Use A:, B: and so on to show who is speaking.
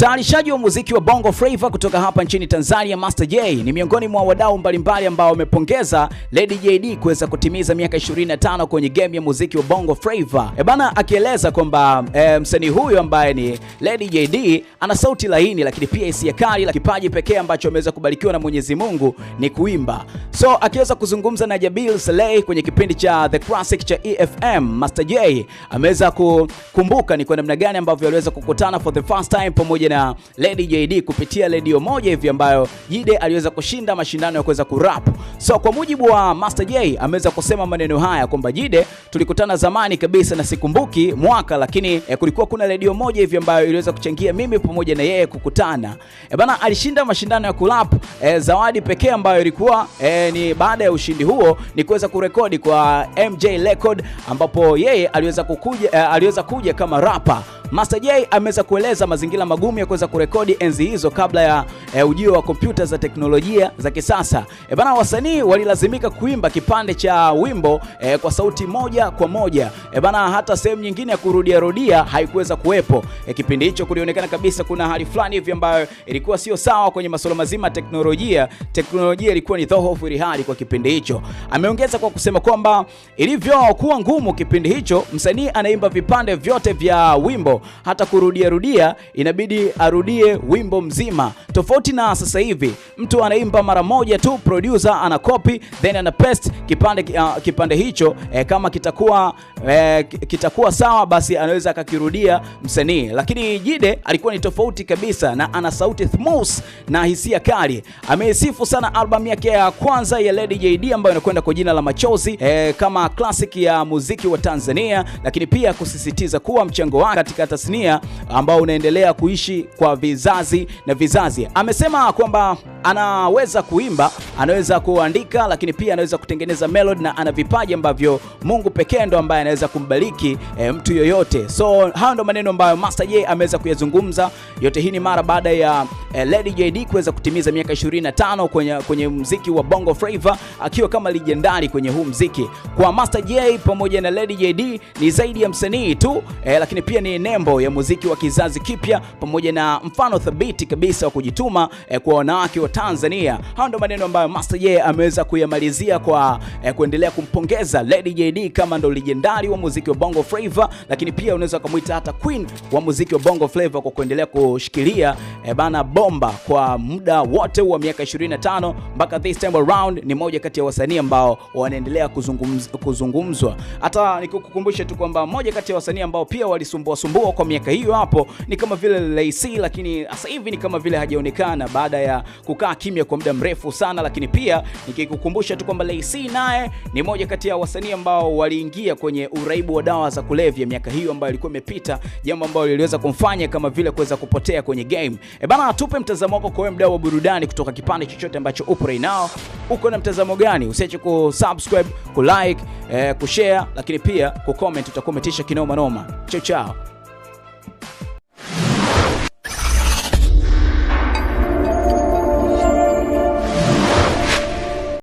A: Mtayarishaji wa muziki wa Bongo Flava kutoka hapa nchini Tanzania, Master J ni miongoni mwa wadau mbalimbali ambao wamepongeza Lady JD kuweza kutimiza miaka 25 kwenye game ya muziki wa Bongo Flava. E bana, akieleza kwamba e, msanii huyu ambaye ni Lady JD ana sauti laini, lakini pia hisia kali, la kipaji pekee ambacho ameweza kubarikiwa na Mwenyezi Mungu ni kuimba. So akiweza kuzungumza na Jabil Saleh kwenye kipindi cha The Classic cha EFM, Master J ameweza kukumbuka ni kwa namna gani ambavyo aliweza kukutana for the first time pamoja na Lady JD kupitia redio moja hivi ambayo Jide aliweza kushinda mashindano ya kuweza kurap. So kwa mujibu wa Master J ameweza kusema maneno haya kwamba Jide, tulikutana zamani kabisa na sikumbuki mwaka, lakini eh, kulikuwa kuna redio moja hivi ambayo iliweza kuchangia mimi pamoja na yeye kukutana. E bana alishinda mashindano ya kurap E, zawadi pekee ambayo ilikuwa e, ni baada ya ushindi huo ni kuweza kurekodi kwa MJ Record ambapo yeye aliweza kukuja eh, aliweza kuja kama rapper. Master J ameweza kueleza mazingira magumu ya kuweza kurekodi enzi hizo kabla ya e, ujio wa kompyuta za teknolojia za kisasa. E, bana wasanii walilazimika kuimba kipande cha wimbo e, kwa sauti moja kwa moja. E, bana hata sehemu nyingine ya kurudia rudia haikuweza kuwepo. E, kipindi hicho kulionekana kabisa kuna hali fulani hivi ambayo ilikuwa sio sawa kwenye masuala mazima teknolojia. Teknolojia ilikuwa ni dhoofu ili hali kwa kipindi hicho. Ameongeza kwa kusema kwamba ilivyokuwa ngumu kipindi hicho, msanii anaimba vipande vyote vya wimbo hata kurudia rudia, inabidi arudie wimbo mzima tofauti na sasa hivi mtu anaimba mara moja tu, producer ana copy then ana paste kipande, uh, kipande hicho eh, kama kitakuwa eh, kitakuwa sawa basi anaweza akakirudia msanii, lakini Jide alikuwa ni tofauti kabisa na ana sauti smooth na hisia kali. Ameisifu sana albamu yake ya kwanza ya Lady JD ambayo inakwenda kwa jina la Machozi eh, kama classic ya muziki wa Tanzania, lakini pia kusisitiza kuwa mchango wake katika tasnia ambao unaendelea kuishi kwa vizazi na vizazi amesema kwamba anaweza kuimba anaweza kuandika, lakini pia anaweza kutengeneza melody na ana vipaji ambavyo Mungu pekee ndo ambaye anaweza kumbariki e, mtu yoyote. So hayo ndo maneno ambayo Master J ameweza kuyazungumza. Yote hii ni mara baada ya e, Lady JD kuweza kutimiza miaka 25 kwenye, kwenye mziki wa Bongo Flava akiwa kama legendary kwenye huu mziki. Kwa Master J pamoja na Lady JD ni zaidi ya msanii tu e, lakini pia ni nembo ya muziki wa kizazi kipya pamoja na mfano thabiti kabisa wa kujituma e, kwa wanawake wa Tanzania. Hayo ndo maneno ambayo Master J ameweza kuyamalizia kwa eh, kuendelea kumpongeza Lady JD kama ndo legendari wa muziki wa Bongo Flava, lakini pia unaweza kumuita hata queen wa muziki wa Bongo Flava kwa kuendelea kushikilia eh, bana bomba kwa muda wote wa miaka 25 mpaka this time around. Ni moja kati ya wasanii ambao wanaendelea kuzungumz, kuzungumzwa. Hata nikukumbusha tu kwamba moja kati ya wasanii ambao pia walisumbua sumbua kwa miaka hiyo hapo ni kama vile Lay C, lakini sasa hivi ni kama vile hajaonekana baada ya kukaa kimya kwa muda mrefu sana lakini pia nikikukumbusha tu kwamba Lay-C naye ni moja kati ya wasanii ambao waliingia kwenye uraibu wa dawa za kulevya miaka hiyo ambayo ilikuwa imepita, jambo ambalo liliweza kumfanya kama vile kuweza kupotea kwenye game. E bana, atupe mtazamo wako kwa mdau wa burudani kutoka kipande chochote ambacho upo right now. Uko na mtazamo gani? Usiache kusubscribe, kulike, eh, kushare lakini pia kucomment, utakometisha kinoma noma. Chao chao.